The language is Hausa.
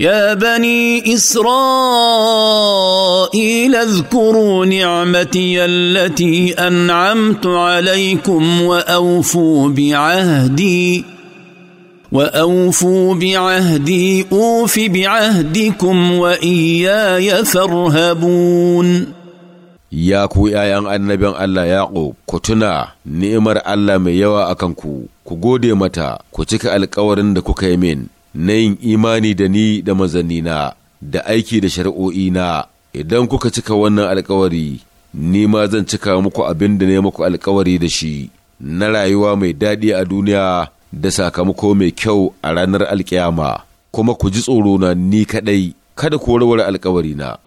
يا بني اسرائيل اذكروا نعمتي التي انعمت عليكم واوفوا بعهدي واوفوا بعهدي اوف بعهدكم واياي فارهبون يا كو يا annabin النبي الله يعقوب كتنا نعمر الله ميوا yawa akan ku ku gode mata ku na yin imani da ni da mazanina da aiki da shari'o'ina idan kuka cika wannan alkawari ni ma zan cika muku abin da ne muku alkawari da shi na rayuwa mai daɗi a duniya da sakamako mai kyau a ranar alkiyama kuma ku ji tsoro na ni kaɗai kada ku warware alkawarina